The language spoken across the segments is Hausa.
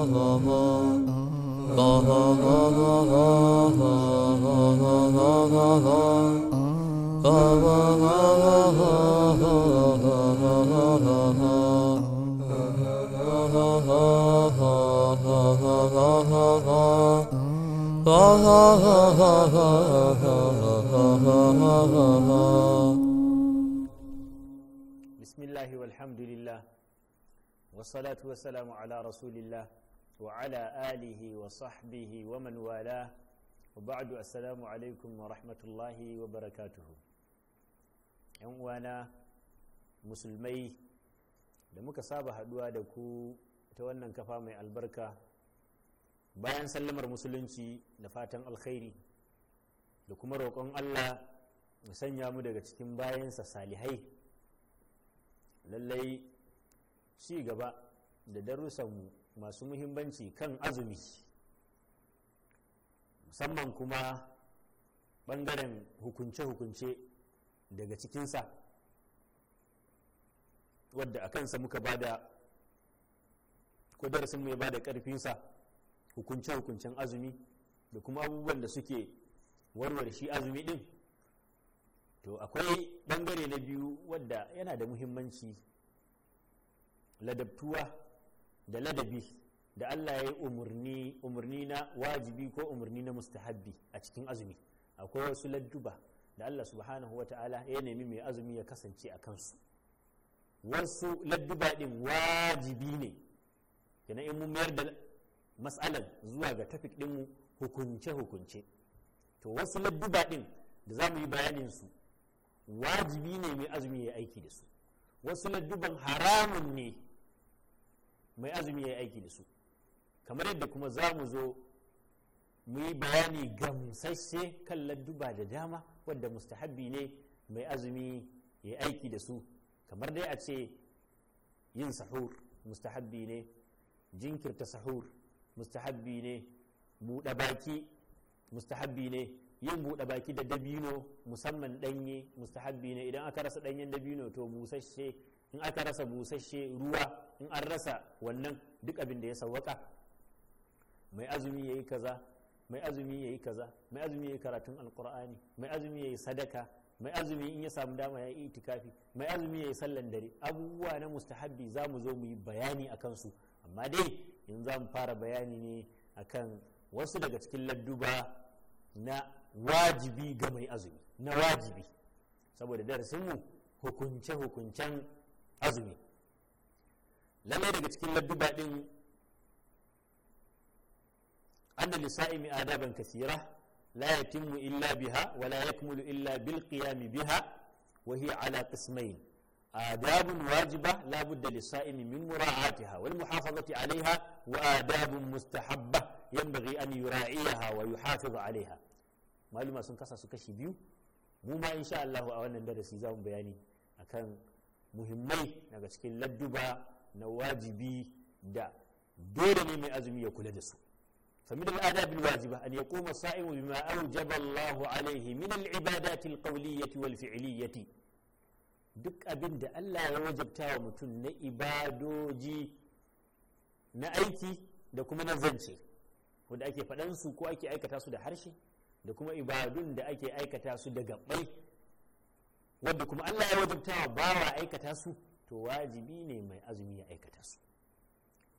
بسم الله والحمد لله والصلاة والسلام على رسول الله وعلى آله وصحبه ومن والاه وبعد السلام عليكم ورحمة الله وبركاته وانا musulmai da muka saba haduwa da ku ta wannan kafa mai albarka bayan sallamar musulunci da fatan alkhairi da kuma roƙon allah ya sanya mu daga cikin bayansa salihai lallai ci gaba da darussanmu masu muhimmanci kan azumi musamman kuma ɓangaren hukunce-hukunce daga cikinsa wadda a kansa muka ba da kudarsin mai ba da ƙarfinsa hukunce-hukuncen azumi da kuma abubuwan da suke warware shi azumi ɗin to akwai ɓangare na biyu wadda yana da muhimmanci ladabtuwa da ladabi da Allah ya yi umarni na wajibi ko umarni na mustahabbi a cikin azumi akwai wasu ladduba da Allah subhanahu wa ta'ala ya nemi mai azumi ya kasance a kansu wasu ladduba din wajibi ne kenan in mun mayar da mas'alan zuwa ga tafik din mu hukunce hukunce to wasu ladduba din da za mu yi bayanin su wajibi ne mai azumi ya aiki da su wasu ladduban haramun ne mai azumi ya yi aiki da su kamar yadda kuma za mu zo mu yi bayani gamsasshe kan ladduba da dama wadda mustahabbi ne mai azumi ya yi aiki da su kamar dai a ce yin sahur mustahabbi ne jinkirta sahur mustahabbi ne buɗe baki mustahabbi ne yin buɗe baki da dabino musamman ɗanye mustahabbi ne idan aka rasa ɗanyen dabino to busasshe in aka rasa busasshe ruwa in an rasa wannan duk abin da ya sawwaka mai azumi ya yi kaza mai azumi ya yi kaza mai azumi ya yi karatun alkur'ani mai azumi ya yi sadaka mai azumi in ya samu dama ya yi itikafi mai azumi ya yi sallan dare abubuwa na mustahabbi za mu zo mu yi bayani a kansu amma dai yanzu za mu fara bayani ne akan wasu daga cikin ladduba na wajibi ga mai azumi na wajibi saboda darasinmu hukunce-hukuncen azumi lallai daga cikin ladduba din anna lisa'imi adaban kasira la yatimmu illa biha wa la illa bil qiyami biha wa hiya ala qismayn adabun wajiba la budda lisa'imi min mura'atiha wal muhafazati alaiha wa adabun mustahabba yanbaghi an yura'iha wa yuhafizu alaiha maluma sun kasa su kashi biyu mu ma insha allahu a wannan darasi za mu bayani akan muhimmai daga cikin ladduba na wajibi da dole ne mai azumi ya kula da su فمن الآداب الواجبة أن يقوم الصائم بما أوجب الله عليه من العبادات القولية والفعلية duk abin da Allah ya wajabta wa mutum na ibadoji na aiki da kuma na zance wanda ake faɗansu ko ake aikata su da harshe da kuma ibadun da ake aikata su da gabbai wadda kuma Allah ya wajabta wa bawa aikata su to wajibi ne mai azumi ya aikata su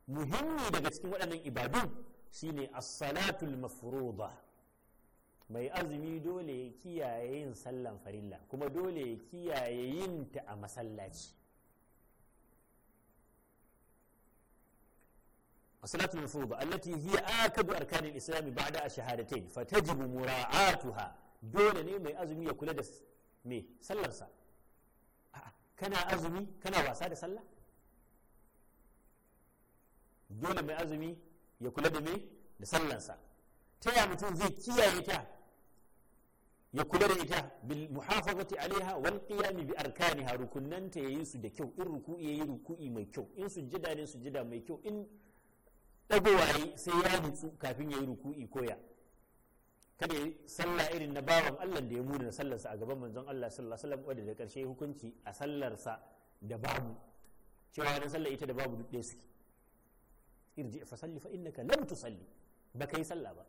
muhimmi daga cikin waɗannan ibadun shine as-salatul mafruḍa mai azumi dole ya kiyaye yin sallan farilla kuma dole ya kiyaye yin ta a masallaci as-salatul mafruḍa allati hiya akadu arkanil islam ba'da ash-shahadatayn fatajibu mura'atuha dole ne mai azumi ya kula da me sallarsa kana azumi kana wasa da sallah dole mai azumi ya kula da me da sallarsa ta ya mutum zai kiyaye ta ya kula da ita bil muhafazati alaiha wal qiyam bi arkaniha rukunnanta yayi su da kyau in ruku'i yayi ruku'i mai kyau in sujjada ne sujjada mai kyau in dagowa sai ya nutsu kafin yayi ruku'i koya kada ya sallah irin na bawan Allah da ya muna sallarsa a gaban manzon Allah sallallahu alaihi wasallam wanda da karshe hukunci a sallarsa da babu cewa na sallar ita da babu duk ɗaya suke irji fa salli fa innaka lam tusalli ba kai sallah ba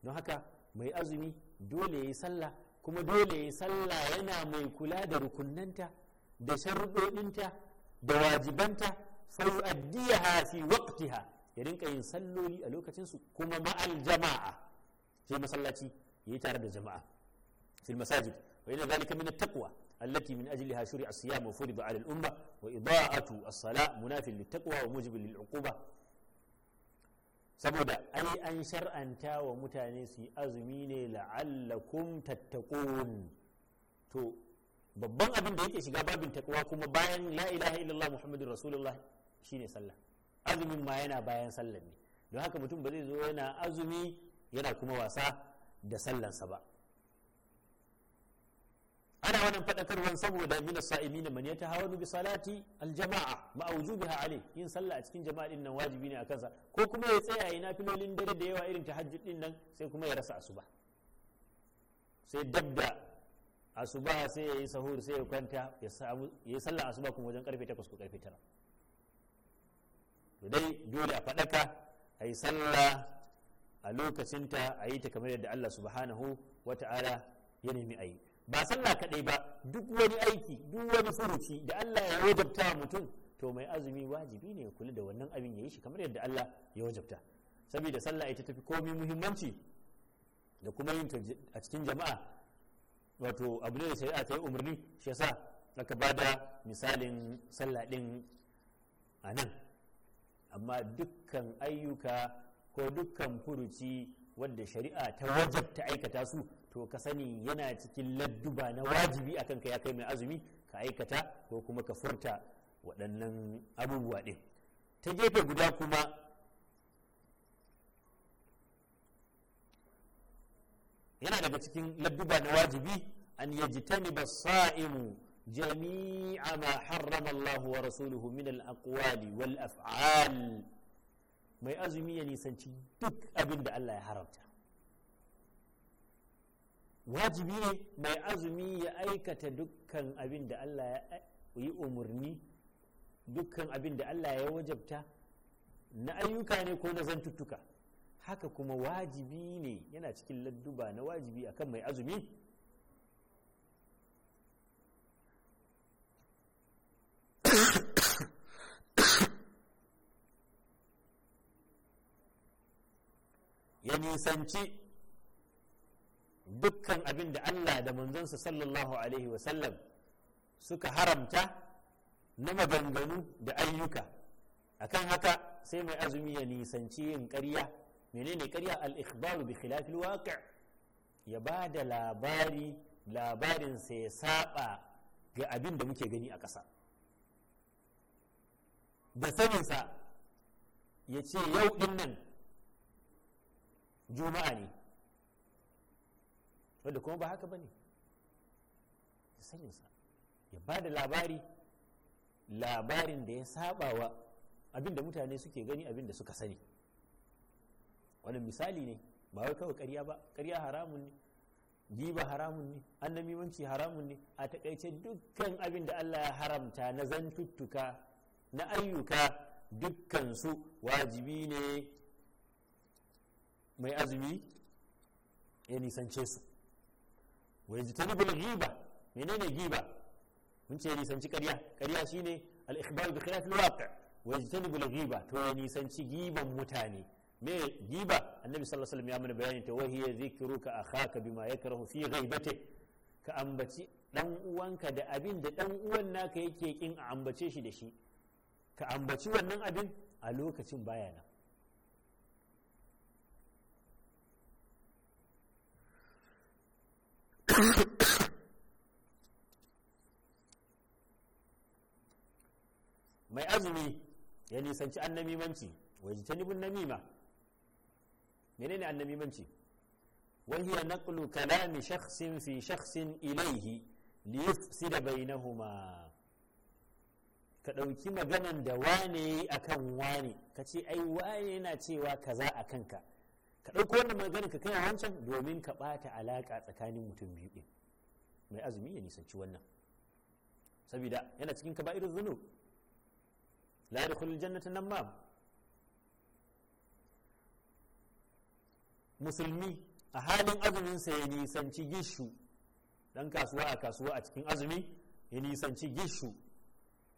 don haka mai azumi dole yayi sallah kuma dole yayi sallah yana mai kula da rukunnanta da sharuɗoɗinta da wajibanta fa yu'addiha fi waqtiha ya rinka yin salloli a lokacin su kuma ma'al jama'a je masallaci yayi tare da jama'a fil masajid wa inna zalika min at-taqwa التي من أجلها شرع الصيام وفرض على الأمة وإضاءة wa مناف للتقوى وموجب للعقوبة saboda ai an shar'anta wa mutane su azumi ne la'allakum tattaqun to babban abin da ya ke shiga babin takwa kuma bayan la ilaha illallah muhammadur rasulullah shine sallah azumin ma yana bayan sallar ne don haka mutum ba zai zo yana azumi yana kuma wasa da sallansa ba ana wannan faɗakarwan saboda min sa'imin man hawa bi salati aljama'a ma awjubiha alai yin sallah a cikin jama'a din nan wajibi ne a kansa ko kuma ya tsaya yi nafilolin dare da yawa irin tahajjud din nan sai kuma ya rasa asuba sai dabda asuba sai ya yi sahur sai ya kwanta ya yi sallah asuba kuma wajen karfe 8 ko karfe 9 to dai dole a faɗaka a yi sallah a lokacinta a yi ta kamar yadda Allah subhanahu wa ta'ala ya nemi a yi ba sallah kaɗai ba duk wani aiki duk wani furuci da Allah ya wajabta mutum to mai azumi wajibi ne ya kula da wannan abin ya yi shi kamar yadda Allah ya wajabta saboda sallah ita tafi komai muhimmanci da kuma yin a cikin jama'a wato abu ne da shari'a ta yi umarni shi yasa aka bada misalin sallah din a nan amma dukkan ayyuka ko dukkan furuci wadda shari'a ta wajabta aikata su to ka sani yana cikin ladduba na wajibi akan ka ya kai mai azumi ka aikata ko kuma ka furta waɗannan abubuwa ɗin ta gefe guda kuma yana daga cikin ladduba na wajibi an ba sa'imu jami'a ma harrama Allah wa rasuluhu min al-aqwali wal af'al mai azumi ya nisanci duk abin da Allah ya haramta wajibi ne mai azumi ya aikata dukkan abin da Allah ya yi umarni dukkan abin da Allah ya wajabta na ayyuka ne ko na zantuttuka haka kuma wajibi ne yana cikin ladduba na wajibi akan mai azumi ya nisanci dukkan abin da Allah da manzonsa sallallahu alaihi wasallam suka haramta na maganganu da ayyuka akan haka sai mai azumi ya nisanci yin ƙarya menene ƙarya al-ikhbaru bi khilafil waqi' ya ba da labari labarinsa ya saba ga abin da muke gani a ƙasa da saninsa ya ce yau din nan juma'a ne wadda kuma ba haka ba ne da ya ba da labari labarin da ya sabawa abinda mutane suke gani abinda suka sani wani misali ne ba wai kawai karya ba karya haramun ne giba haramun ne annamimanci haramun ne a takaice dukkan abin da Allah ya haramta na zantuttuka na ayyuka dukkan su wajibi ne mai azumi ya nisance su wai ji tani giba. ghiba menene giba mun ce nisanci ƙarya ƙarya shine al ikhbar bi khilaf al waqi' wai ji tani giba. to ya nisanci giban mutane me giba annabi sallallahu alaihi wasallam ya mana bayani ta wahiya zikruka akhaka bima yakrahu fi ghaibati ka ambaci dan uwanka da abin da dan uwan naka yake kin a ambace shi da shi ka ambaci wannan abin a lokacin bayana mai azumi ya nisanci annamimanci waje ta nibin namima menene annamimanci وهي نقل كلام شخص في شخص bai ليفسد بينهما ka ɗauki maganan da wane akan wane ka ce ai wane yana cewa kaza a kanka ka ɗauko wannan maganin ka kai a wancan domin ka ɓata alaƙa tsakanin mutum biyu ɗin mai azumi ya nisanci wannan saboda yana cikin ka ba'irin zunub kullum jannatin nan ma. musulmi a halin azuminsa ya nisanci gishu dan kasuwa a kasuwa a cikin azumi ya nisanci gishu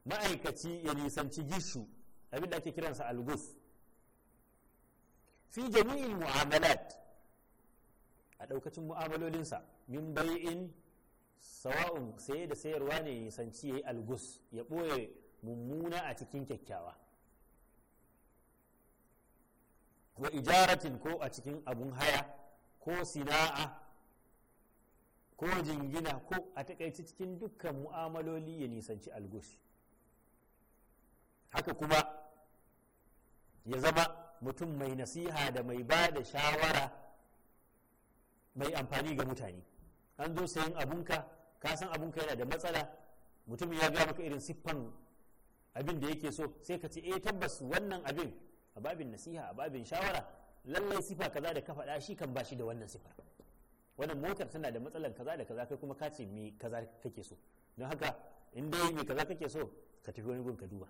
ma'aikaci ya nisanci gishu abin da ake kiransa algus fi jami'in mu'amalat a daukacin mu'amalolinsa min bai'in sawa'un saye da sayarwa ne ya sanci yi algus ya ɓoye mummuna a cikin kyakkyawa wa ijaratin ko a cikin abun haya ko sina'a ko jingina ko a takaici cikin dukkan mu'amaloli ya nisanci algus haka kuma ya zama mutum mai nasiha da mai ba da shawara mai amfani ga mutane an zo sayin abunka ka san abunka yana da matsala mutum ya ga maka irin siffan abin da yake so sai ka ce eh tabbas wannan abin a babin nasiha a babin shawara lallai sifa kaza da ka faɗa shi kan bashi da wannan sifa. wannan motar tana da matsalar kaza da kaza kai kuma ka ce me kaza kake so don haka in dai me kaza kake so ka tafi wani gun ka duba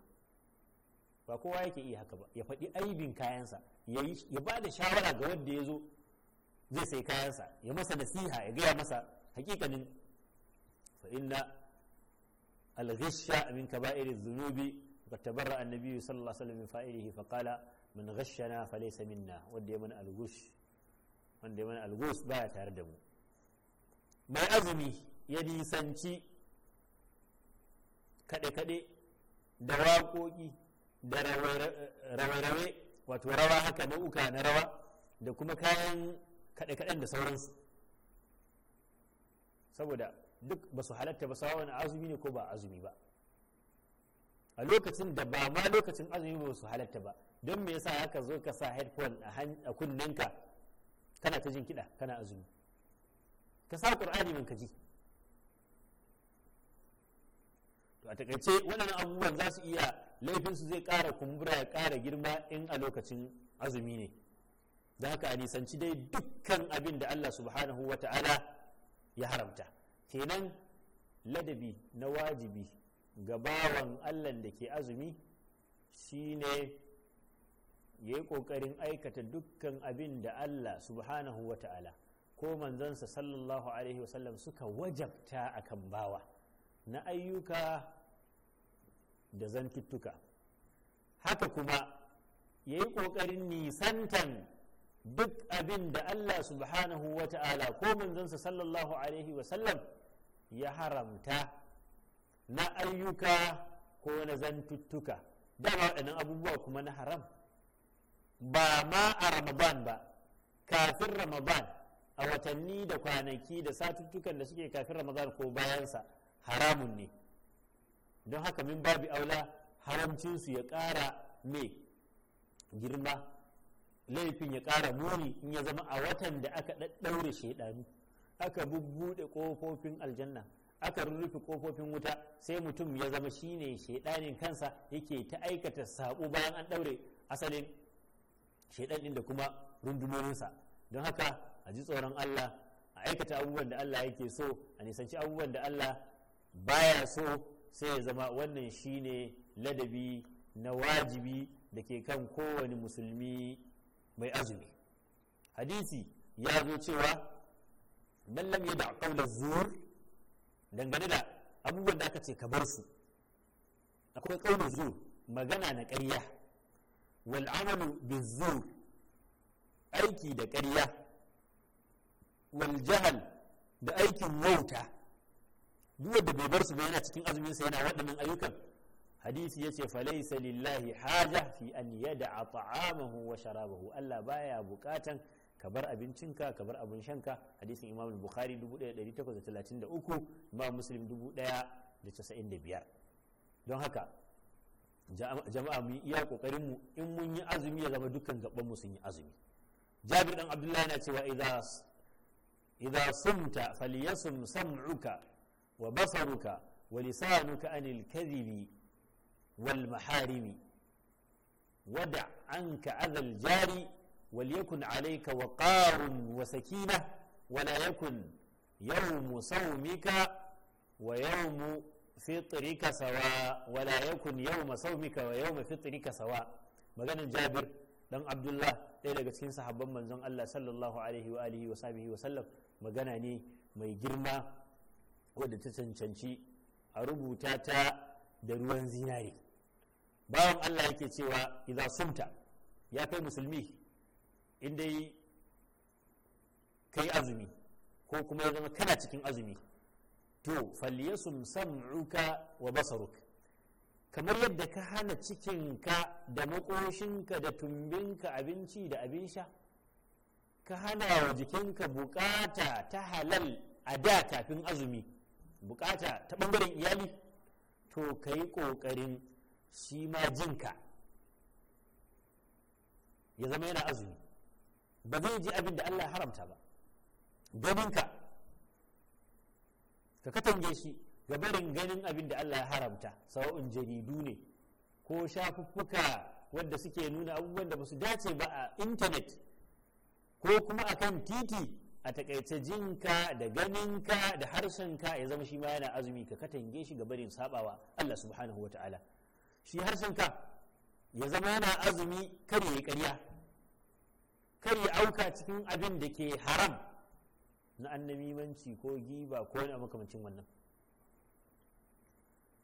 ba kowa yake iya haka ba ya faɗi aibin kayansa ya ba da shawara ga wanda ya zo zai sai kayansa ya masa nasiha ya gaya masa hakikanin fa inna al-ghishya min kaba'iri dhunubi wa tabarra an-nabi sallallahu alaihi wasallam min fa'ilihi fa qala man ghashshana falaysa minna wanda ya mana al-ghush wanda ya mana al-ghush baya tare da mu mai azumi ya nisanci kaɗe-kaɗe da waƙoƙi da rawe-rawe wato rawa haka na uka na rawa da kuma kayan kaɗe-kaɗen da sauransu saboda duk ba su halatta ba sawa wani azumi ne ko ba azumi ba a lokacin da ba ma lokacin azumi ba su halatta ba don me yasa haka zo ka sa headphone a kunninka kana ta jin kiɗa kana azumi ka sa ƙur'ani man ka ji to a takaice waɗannan abubuwan za su iya laifinsu zai ƙara kumbura ya ƙara girma in a lokacin azumi ne da haka a nisanci dai dukkan abin da Allah subhanahu wa ta'ala ya haramta kenan ladabi na wajibi ga bawan Allah da ke azumi shine ya yi ƙoƙarin aikata dukkan abin da Allah subhanahu wa ta'ala ko manzansa sallallahu alaihi wasallam suka wajabta akan bawa na ayyuka da zantuttuka haka kuma ya yi ƙoƙarin nisantan duk abin da Allah subhanahu wa ta'ala ko manzansa sallallahu alaihi wasallam ya haramta na ayyuka ko na zantuttuka da waɗannan abubuwa kuma na haram ba ma a ramadan ba kafin ramadan a watanni da kwanaki da satuttukan da suke kafin ramadan ko bayansa haramun ne don haka min babi aula haramcinsu ya ƙara mai girma laifin ya ƙara muni in ya zama a watan da aka ɗaɗɗaure shaidanu aka bubbuɗe ƙofofin aljanna aka rurrufe ƙofofin wuta sai mutum ya zama shine shaidanin kansa yake ta aikata saɓo bayan an ɗaure asalin shaidan ɗin da kuma rundunoninsa don haka a ji tsoron Allah a aikata abubuwan da Allah yake so a nisanci abubuwan da Allah baya so sai ya zama wannan shine ladabi na wajibi da ke kan kowane musulmi mai azumi hadisi ya zo cewa man lam yada qawla zur dangane da abubuwan da aka ce ka bar su akwai qawla zur magana na ƙarya wal amalu bizur aiki da ƙarya wal jahal da aikin wauta duk wanda bai bar su ba yana cikin azumin sa yana waɗannan ayyukan hadisi yace laysa lillahi haja fi an yad'a ta'amahu wa sharabahu Allah baya bukatan ka bar abincinka ka bar abin shanka hadisin imamu Bukhari 1833 Imam Muslim 1095 don haka jama'a mu iya kokarin mu in mun yi azumi ya zama dukkan gaban mu sun yi azumi Jabir dan Abdullahi yana cewa idza idza sumta falyasum sam'uka wa basaruka wa lisanuka anil kadhibi wal maharimi wada anka azal jari wal yakun alayka wa sakina wa la yakun yawmu sawmika wa yawmu fitrika sawa wa yakun yawma sawmika wa yawma sawa maganan jabir dan abdullah ɗaya daga cikin sahabban manzon Allah sallallahu alaihi wa alihi wa wa sallam magana ne mai girma wadda ta cancanci a rubuta ta da ruwan zinari bawan Allah yake cewa idan sumta ya kai musulmi in dai kai azumi ko kuma ya zama kana cikin azumi to san sam'uka wa basaruk kamar yadda ka hana cikinka da makoshinka da tumbinka abinci da abin sha ka hana wa jikinka bukata ta halal a da kafin azumi bukata ta bangaren iyali to ka yi kokarin shi ma jinka ya zama yana azumi ba zai ji abin da Allah haramta ba ganinka ka katange shi ga barin ganin abin da Allah ya haramta sawa'un jaridu ne ko shafuffuka wadda suke nuna abubuwan da ba su dace ba a intanet ko kuma a kan titi a takaice jinka da ganinka da harshenka ya zama shi ma yana azumi ka katange shi ga barin sabawa Allah subhanahu wataala shi harshenka ya zama yana azumi kar ya yi ƙarya kar ya auka cikin abin da ke haram na manci ko giba ko wani makamancin wannan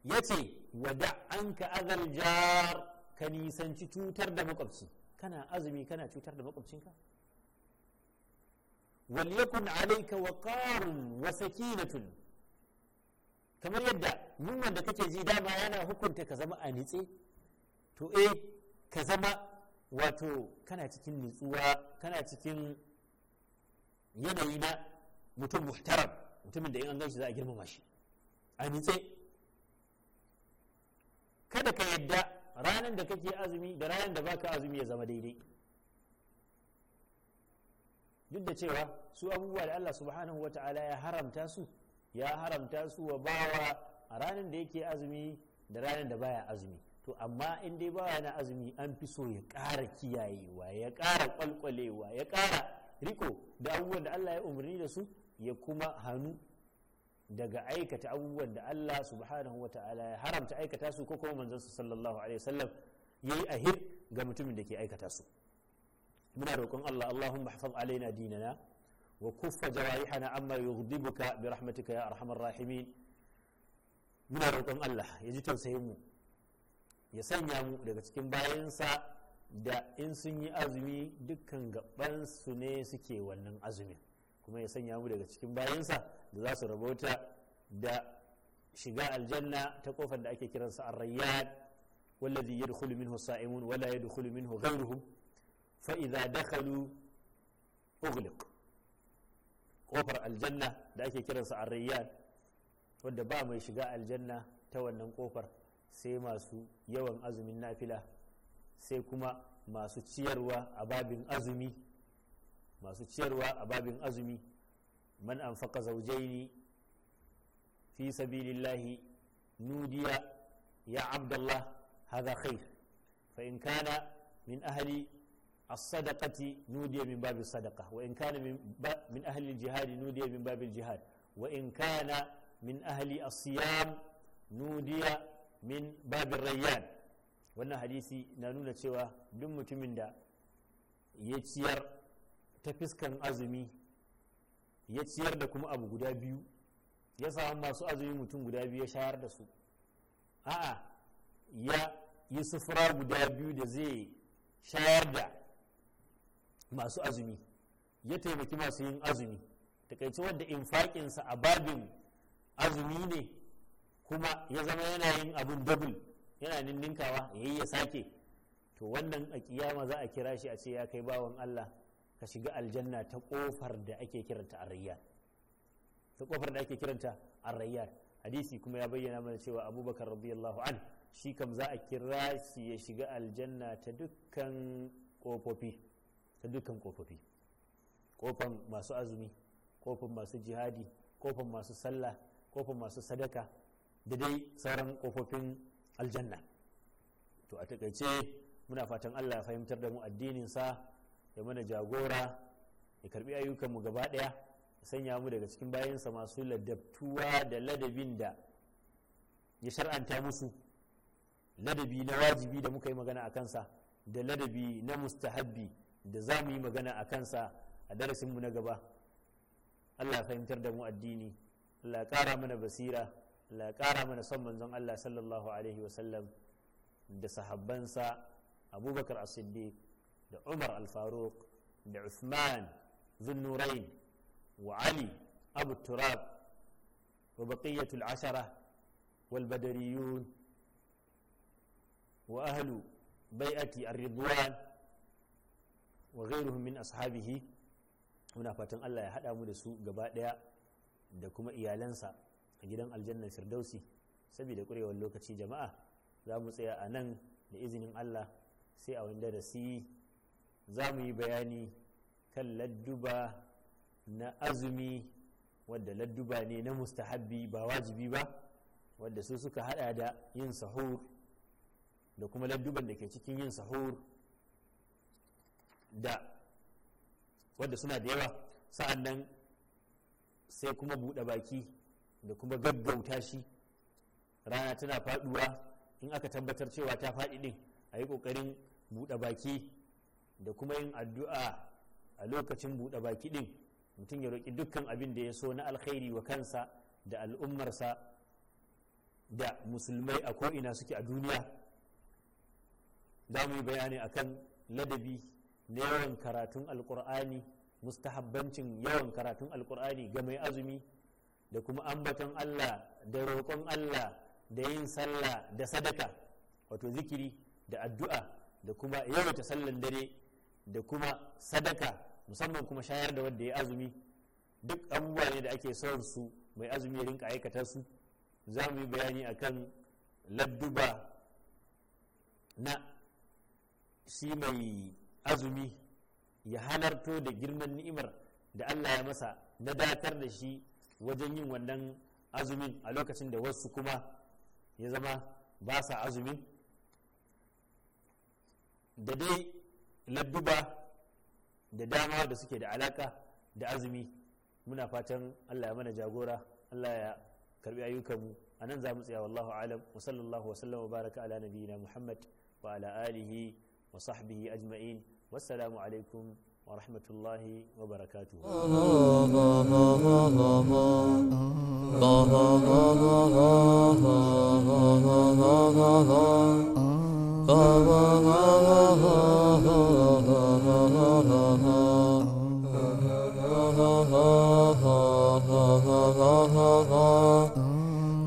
yace ce wada an ka azal jar ka nisanci cutar da makwabci kana azumi kana cutar da makwabcinka وليكن عليك وقار وسكينة kamar yadda yunwan da kake ji dama yana hukunta ka zama a nitse to eh ka zama wato kana cikin nutsuwa kana cikin yanayi na mutum muhtaram mutumin da in an ganshi za a girmama shi a nitse kada ka yadda ranan da kake azumi da ranar da baka azumi ya zama daidai duk da cewa su abubuwa da Allah subhanahu wa ta'ala ya haramta su ya haramta su wa bawa a ranar da yake azumi da ranar da baya azumi to amma in dai bawa na azumi an fi so ya ƙara kiyayewa ya ƙara kwalkwalewa ya ƙara riko da abubuwan da Allah ya umarni da su ya kuma hannu daga aikata abubuwan da Allah subhanahu wa ta'ala ya haramta aikata su ko kuma manzon sallallahu alaihi wasallam yayi ahir ga mutumin da ke aikata su muna roƙon Allah Allahumma hafaz alaina dinana wa kuffa jawarihana amma yughdibuka bi rahmatika ya arhamar rahimin muna roƙon Allah ya ji tausayin mu ya sanya mu daga cikin bayansa da in sun yi azumi dukkan gabansu ne suke wannan azumin kuma ya sanya mu daga cikin bayansa da za su rabota da shiga aljanna ta kofar da ake kiransa ar-rayyad wallazi yadkhulu minhu sa'imun wala yadkhulu minhu ghayruhum fa'iza dakalu ugliq kofar aljanna da ake kiransa a rayyan wadda ba mai shiga aljanna ta wannan kofar sai masu yawan azumin nafila sai kuma masu ciyarwa a babin azumi masu ciyarwa a babin azumi man faka zaujaini fi sabilillahi nudiya ya abdullah haza khair fa in kana min ahli A sadaqati nudiya min babi sadaqa wa in kana min ahli al-jihad min babi jihad wa min ahli as-siyam nudiya min babi rayyan wannan hadisi na nuna cewa duk mutumin da ya ciyar ta fiskan azumi ya ciyar da kuma abu guda biyu ya samu masu azumin mutum guda biyu ya shayar da a'a ya yi sufura guda biyu da zai shayar da masu azumi ya taimaki masu yin azumi takaici wadda infaƙinsa a babin azumi ne kuma ya zama yana yin abin dabul yana ninninkawa ya yi ya sake to wannan a kiyama za a kira shi a ce ya kai bawan Allah ka shiga aljanna ta kofar da ake kiranta arrayya ta kofar da ake kiranta arrayya hadisi kuma ya bayyana mana cewa abubakar radiyallahu an shi kam za a kira shi ya shiga aljanna ta dukkan kofofi ta dukkan kofofi kofan masu azumi kofan masu jihadi kofan masu sallah kofan masu sadaka da dai sauran kofofin aljanna to a takaice muna fatan allah ya fahimtar da mu addininsa ya mana jagora ya karbi ayyukanmu gaba daya sanya mu daga cikin bayansa masu ladabtuwa da ladabin da ya shar'anta musu ladabi na wajibi da muka yi magana a kansa da ladabi na mustahabbi da za mu yi magana a kansa a darasinmu na gaba allah fahimtar da mu addini allah ƙara mana basira allah ƙara mana son manzon allah sallallahu alaihi wasallam da sahabbansa abubakar as-siddiq da umar al-faruq da usman zunnurain wa ali abu turab wa baqiyatul ashara wal badariyun wa ahlu bai'ati ar-ridwan wa ghairuhum min ashabihi muna fatan Allah ya hada mu da su gaba daya da kuma iyalansa a gidan aljanna firdausi saboda kurewar lokaci jama'a za mu tsaya a nan da izinin Allah sai a wani darasi za mu yi bayani kan ladduba na azumi wadda ladduba ne na mustahabbi ba wajibi ba wadda su suka hada da yin sahur da kuma ladduban da ke cikin yin sahur da wadda suna da yawa sa'an nan sai kuma buɗe baki da kuma gaggauta shi rana tana faɗuwa in aka tabbatar cewa ta faɗi ɗin a yi ƙoƙarin buɗe baki da kuma yin addu'a a lokacin buɗe baki ɗin mutum ya roƙi dukkan abin da ya so na alkhairi wa kansa da al'ummarsa da musulmai a ko'ina suke a duniya za mu yi bayani akan ladabi na yawan karatun alkur'ani mustahabbancin yawan karatun alkur'ani ga mai azumi da kuma ambaton Allah da roƙon Allah da yin sallah da sadaka wato zikiri da addu'a da kuma yawaita sallan dare da kuma sadaka musamman kuma shayar da wanda ya azumi duk abubuwa ne da ake son su mai azumi rinka aikata su za mu yi bayani akan ladduba na shi mai azumi ya halarto da girman ni'imar da Allah ya masa na datar da shi wajen yin wannan azumin a lokacin da wasu kuma ya zama ba sa azumin da dai ladduba da dama da suke da alaka da azumi muna fatan Allah ya mana jagora Allah ya karbi ayyukanmu a nan za mu tsaya wallahu alam wa sallallahu wa sallam wa baraka ala nabiyina muhammad wa ala alihi wa sahbihi ajma'in والسلام عليكم ورحمة الله وبركاته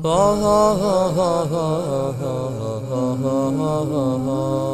Ha ha ha ha ha ha ha ha ha ha